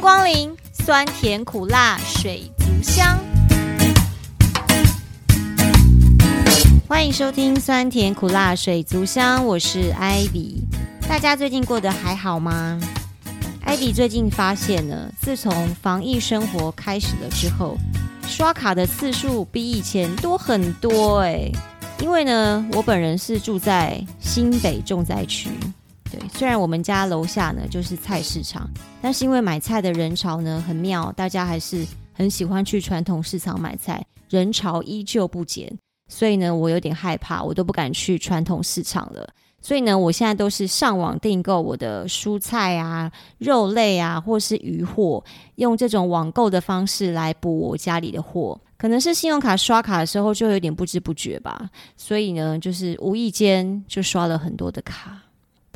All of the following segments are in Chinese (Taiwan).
光臨酸甜苦辣水族箱，歡迎收聽酸甜苦辣水族箱，我是 Ivy。大家最近過得還好嗎？Ivy 最近發現了，自從防疫生活開始了之後，刷卡的次數比以前多很多哎、欸。因為呢，我本人是住在新北重災區。雖然我們家樓下呢就是菜市場，但是因為買菜的人潮呢很妙，大家還是很喜歡去傳統市場買菜，人潮依舊不減。所以呢，我有點害怕，我都不敢去傳統市場了。所以呢，我現在都是上網訂購我的蔬菜啊、肉類啊，或是魚貨，用這種網購的方式來補我家裡的貨。可能是信用卡刷卡的時候就有點不知不覺吧，所以呢，就是無意間就刷了很多的卡。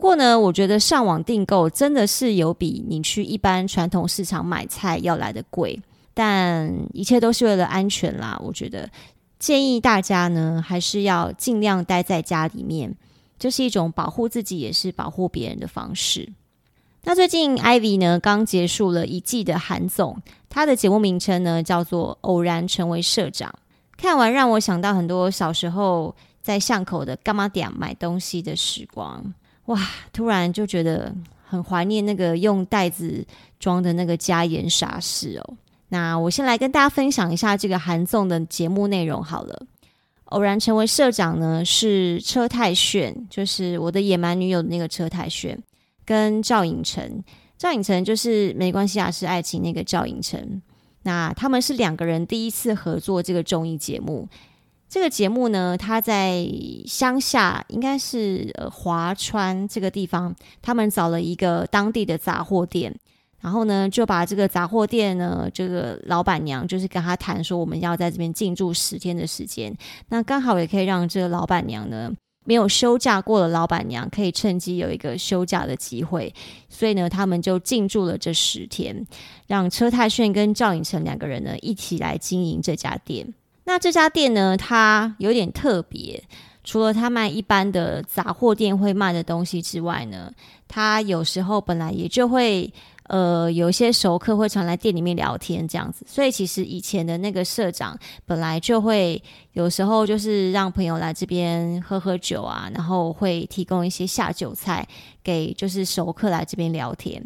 不過呢，我覺得上網訂購真的是有比你去一般傳統市場買菜要來得貴，但一切都是為了安全啦。我覺得建議大家呢，還是要盡量待在家裡面，就是一種保護自己也是保護別人的方式。那最近 Ivy 呢，剛結束了一季的韓綜，他的節目名稱呢叫做《偶然成為社長》，看完讓我想到很多小時候在巷口的柑仔店買東西的時光。哇，突然就覺得很懷念那個用袋子裝的那個加鹽沙士哦。那我先來跟大家分享一下這個韓綜的節目內容好了。偶然成為社長呢，是車太鉉，就是我的野蠻女友的那個車太鉉跟趙寅成。趙寅成就是沒關係啊，是愛情那個趙寅成。那他們是兩個人第一次合作這個綜藝節目。這個節目呢，他在鄉下，應該是呃華川這個地方，他們找了一個當地的雜貨店，然後呢就把這個雜貨店呢，這個老板娘就是跟他談說，我們要在這邊進駐十天的時間，那剛好也可以讓這個老板娘呢，沒有休假過的老板娘可以趁機有一個休假的機會，所以呢，他們就進駐了這十天，讓車太鉉跟趙寅成兩個人呢一起來經營這家店。那這家店呢，它有點特別，除了他賣一般的雜貨店會賣的東西之外呢，他有時候本來也就會，呃，有一些熟客會常來店裡面聊天這樣子。所以其實以前的那個社長本來就會有時候就是讓朋友來這邊喝喝酒啊，然後會提供一些下酒菜給就是熟客來這邊聊天。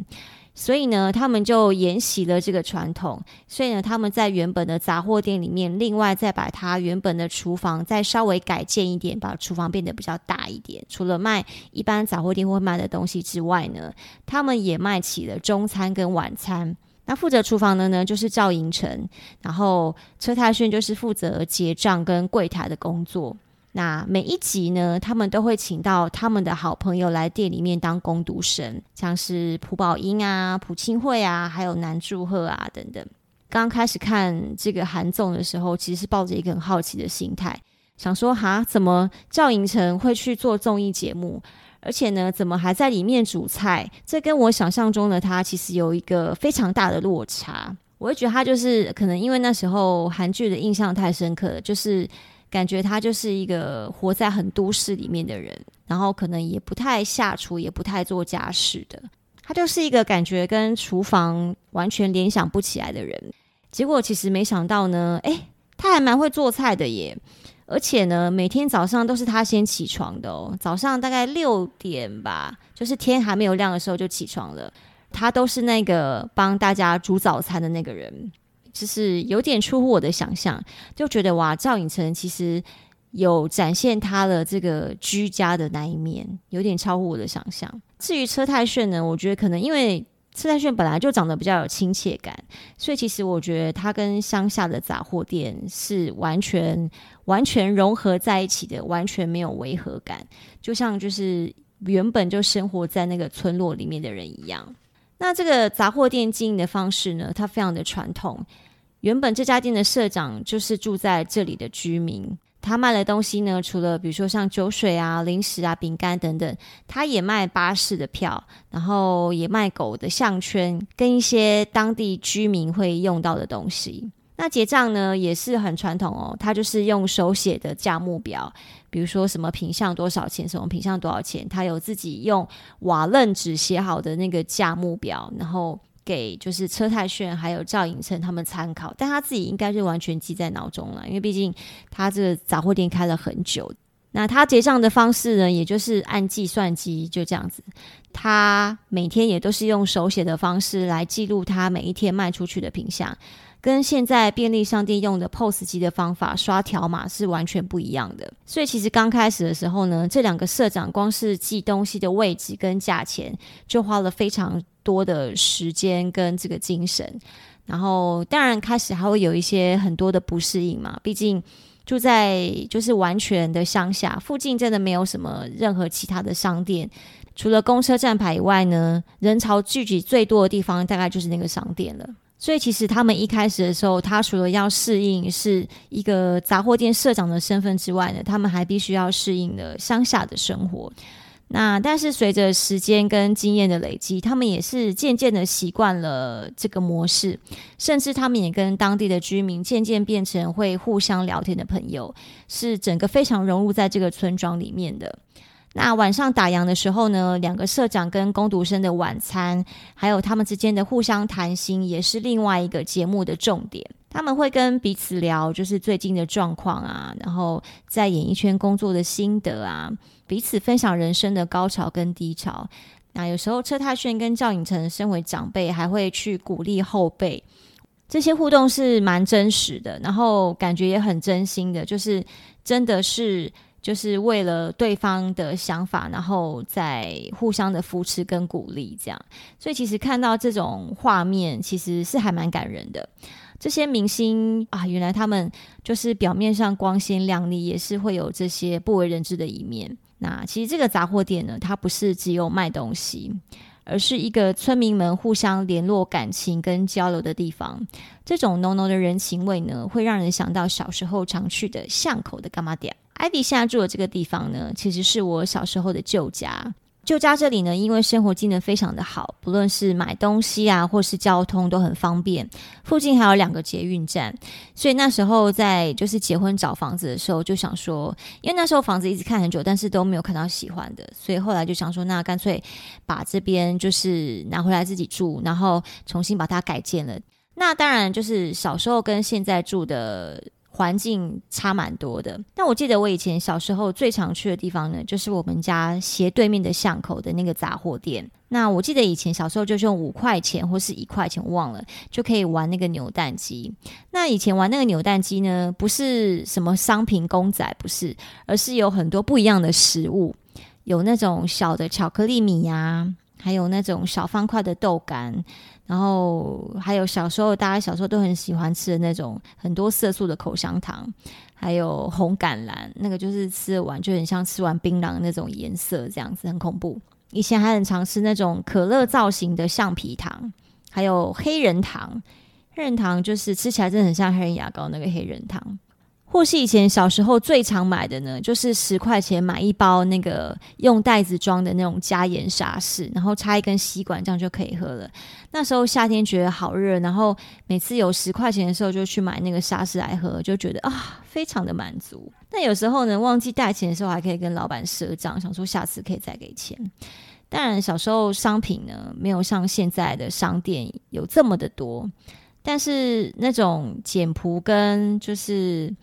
所以呢，他們就沿襲了這個傳統。所以呢，他們在原本的雜貨店裡面，另外再把它原本的廚房再稍微改建一點，把廚房變得比較大一點。除了賣一般雜貨店會賣的東西之外呢，他們也賣起了中餐跟晚餐。那負責廚房的呢，就是趙寅成，然後車太鉉就是負責結賬跟櫃檯的工作。那每一集呢，他們都會請到他們的好朋友來店裡面當工讀生，像是朴寶英啊、朴青惠啊，還有南柱赫啊等等。剛開始看這個韓綜的時候，其實是抱着一個很好奇的心態，想說哈，怎麼趙寅成會去做綜藝節目，而且呢，怎麼還在裡面煮菜？這跟我想象中的他其實有一個非常大的落差。我會覺得他就是可能因為那時候韓劇的印象太深刻了，就是。感覺他就是一個活在很都市裡面的人，然後可能也不太下廚，也不太做家事的。他就是一個感覺跟廚房完全聯想不起來的人。結果其實沒想到呢，哎，他還蠻會做菜的耶！而且呢，每天早上都是他先起床的哦，早上大概六點吧，就是天還沒有亮的時候就起床了。他都是那個幫大家煮早餐的那個人。就是有點出乎我的想象，就覺得哇，趙寅成其實有展現他的這個居家的那一面，有點超乎我的想象。至於車太鉉呢，我覺得可能因為車太鉉本來就長得比較有親切感，所以其實我覺得他跟鄉下的雜貨店是完全完全融合在一起的，完全沒有違和感，就像就是原本就生活在那個村落裡面的人一樣。那這個雜貨店經營的方式呢，它非常的傳統。原本這家店的社長就是住在這裡的居民，他賣的東西呢，除了比如說像酒水啊、零食啊、餅乾等等，他也賣巴士的票，然後也賣狗的項圈，跟一些當地居民會用到的東西。那結賬呢也是很傳統哦，他就是用手寫的價目表，比如說什麼品項多少錢，什麼品項多少錢，他有自己用瓦楞紙寫好的那個價目表，然後。給就是車太鉉還有趙寅成他們參考，但他自己應該是完全記在腦中了，因為畢竟他這個雜貨店開了很久。那他結賬的方式呢，也就是按計算機就這樣子。他每天也都是用手寫的方式來記錄他每一天賣出去的品項，跟現在便利商店用的 POS 機的方法刷條碼是完全不一樣的。所以其實剛開始的時候呢，這兩個社長光是記東西的位置跟價錢，就花了非常。多的時間跟這個精神，然後當然開始還會有一些很多的不適應嘛。畢竟住在就是完全的鄉下，附近真的沒有什麼任何其他的商店，除了公車站牌以外呢，人潮聚集最多的地方大概就是那個商店了。所以其實他們一開始的時候，他除了要適應是一個雜貨店社長的身份之外呢，他們還必須要適應的鄉下的生活。那但是隨着時間跟經驗的累積，他們也是漸漸的習慣了這個模式，甚至他們也跟當地的居民漸漸變成會互相聊天的朋友，是整個非常融入在這個村莊裡面的。那晚上打烊的時候呢，兩個社長跟工讀生的晚餐，還有他們之間的互相談心，也是另外一個節目的重點。他們會跟彼此聊，就是最近的狀況啊，然後在演藝圈工作的心得啊，彼此分享人生的高潮跟低潮。那有時候車太鉉跟趙寅成身為長輩，還會去鼓勵後輩。這些互動是蠻真實的，然後感覺也很真心的，就是真的是就是為了對方的想法，然後再互相的扶持跟鼓勵這樣。所以其實看到這種畫面，其實是還蠻感人的。這些明星啊，原來他們就是表面上光鮮亮麗，也是會有這些不為人知的一面。那其實這個雜貨店呢，它不是只有賣東西，而是一個村民們互相聯絡感情跟交流的地方。這種濃濃的人情味呢，會讓人想到小時候常去的巷口的柑仔店。Ivy 現在住的這個地方呢，其實是我小時候的舊家。舊家這裡呢，因為生活機能非常的好，不論是買東西啊，或是交通都很方便。附近還有兩個捷運站，所以那時候在就是結婚找房子的時候，就想說，因為那時候房子一直看很久，但是都沒有看到喜歡的，所以後來就想說，那乾脆把這邊就是拿回來自己住，然後重新把它改建了。那當然就是小時候跟現在住的。環境差蠻多的。那我記得我以前小時候最常去的地方呢，就是我們家斜對面的巷口的那個雜貨店。那我記得以前小時候就是用五塊錢或是一塊錢，忘了，就可以玩那個扭蛋機。那以前玩那個扭蛋機呢，不是什麼商品公仔，不是，而是有很多不一樣的食物，有那種小的巧克力米呀、啊，還有那種小方塊的豆干。然後還有小時候，大家小時候都很喜歡吃的那種很多色素的口香糖，還有紅橄欖，那個就是吃完就很像吃完檳榔那種顏色，這樣子很恐怖。以前還很常吃那種可樂造型的橡皮糖，還有黑人糖，黑人糖就是吃起來真的很像黑人牙膏那個黑人糖。或是以前小時候最常買的呢，就是十塊錢買一包那個用袋子裝的那種加鹽沙士，然後插一根吸管，這樣就可以喝了。那時候夏天覺得好熱，然後每次有十塊錢的時候就去買那個沙士來喝，就覺得啊、哦，非常的滿足。那有時候呢，忘記帶錢的時候，還可以跟老闆賒賬，想說下次可以再給錢。當然，小時候商品呢沒有像現在的商店有這麼的多，但是那種簡樸跟就是。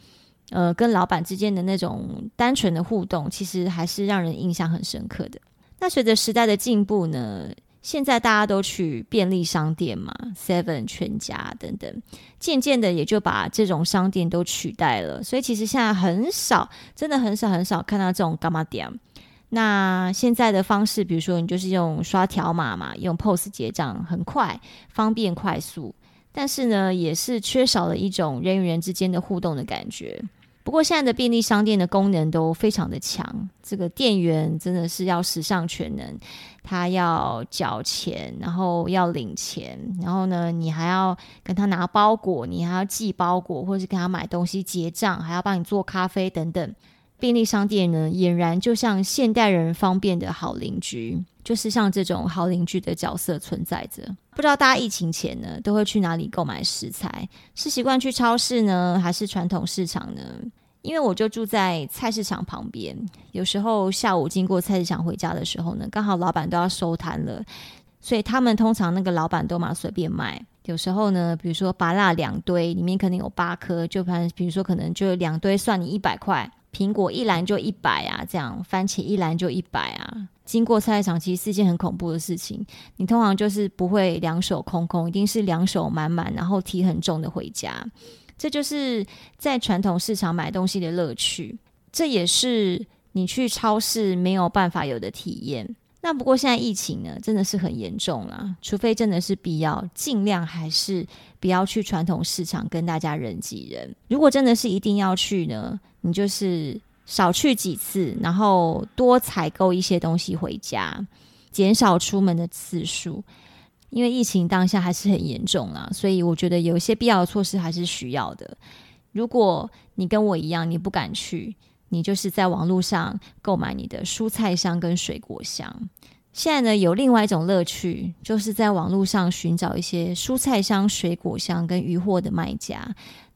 呃，跟老闆之間的那種單純的互動，其實還是讓人印象很深刻的。那隨着時代的進步呢，現在大家都去便利商店嘛，Seven、全家等等，漸漸的也就把這種商店都取代了。所以其實現在很少，真的很少很少看到這種柑仔店。那現在的方式，比如說你就是用刷條碼嘛，用 POS 結賬，很快、方便、快速。但是呢，也是缺少了一種人與人之間的互動的感覺。不過，現在的便利商店的功能都非常的強，這個店員真的是要十項全能，他要繳錢，然後要領錢，然後呢，你還要跟他拿包裹，你還要寄包裹，或是跟他買東西結賬，還要幫你做咖啡等等。便利商店呢，儼然就像現代人方便的好鄰居，就是像這種好鄰居的角色存在着。不知道大家疫情前呢，都會去哪裡購買食材？是習慣去超市呢，還是傳統市場呢？因為我就住在菜市場旁邊，有時候下午經過菜市場回家的時候呢，剛好老闆都要收攤了，所以他們通常那個老闆都嘛隨便賣。有時候呢，比如說芭樂兩堆，裡面可能有八顆，就比如說可能就兩堆算你一百塊。蘋果一籃就一百啊，這樣番茄一籃就一百啊。經過菜市場其實是件很恐怖的事情，你通常就是不會兩手空空，一定是兩手滿滿，然後提很重的回家。這就是在傳統市場買東西的樂趣，這也是你去超市沒有辦法有的體驗。那不過現在疫情呢，真的是很嚴重啦。除非真的是必要，盡量還是不要去傳統市場跟大家人擠人。如果真的是一定要去呢，你就是少去幾次，然後多採購一些東西回家，減少出門的次數。因為疫情當下還是很嚴重啊，所以我覺得有一些必要的措施還是需要的。如果你跟我一樣，你不敢去。你就是在網絡上購買你的蔬菜箱跟水果箱。現在呢，有另外一種樂趣，就是在網絡上尋找一些蔬菜箱、水果箱跟魚貨的賣家，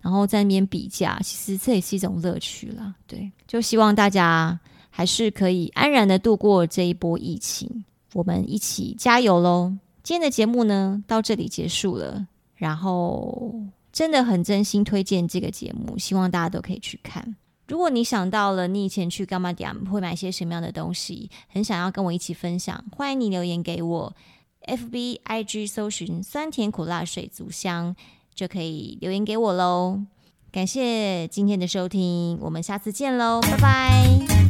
然後在那邊比價。其實這也是一種樂趣啦。對，就希望大家還是可以安然的度過這一波疫情，我們一起加油嘍！今天的節目呢，到這裡結束了，然後真的很真心推薦這個節目，希望大家都可以去看。如果你想到了，你以前去柑仔店會買些什麼樣的東西？很想要跟我一起分享，歡迎你留言給我，FB IG 搜尋酸甜苦辣水族箱就可以留言給我嘍。感謝今天的收聽，我們下次見嘍，拜拜。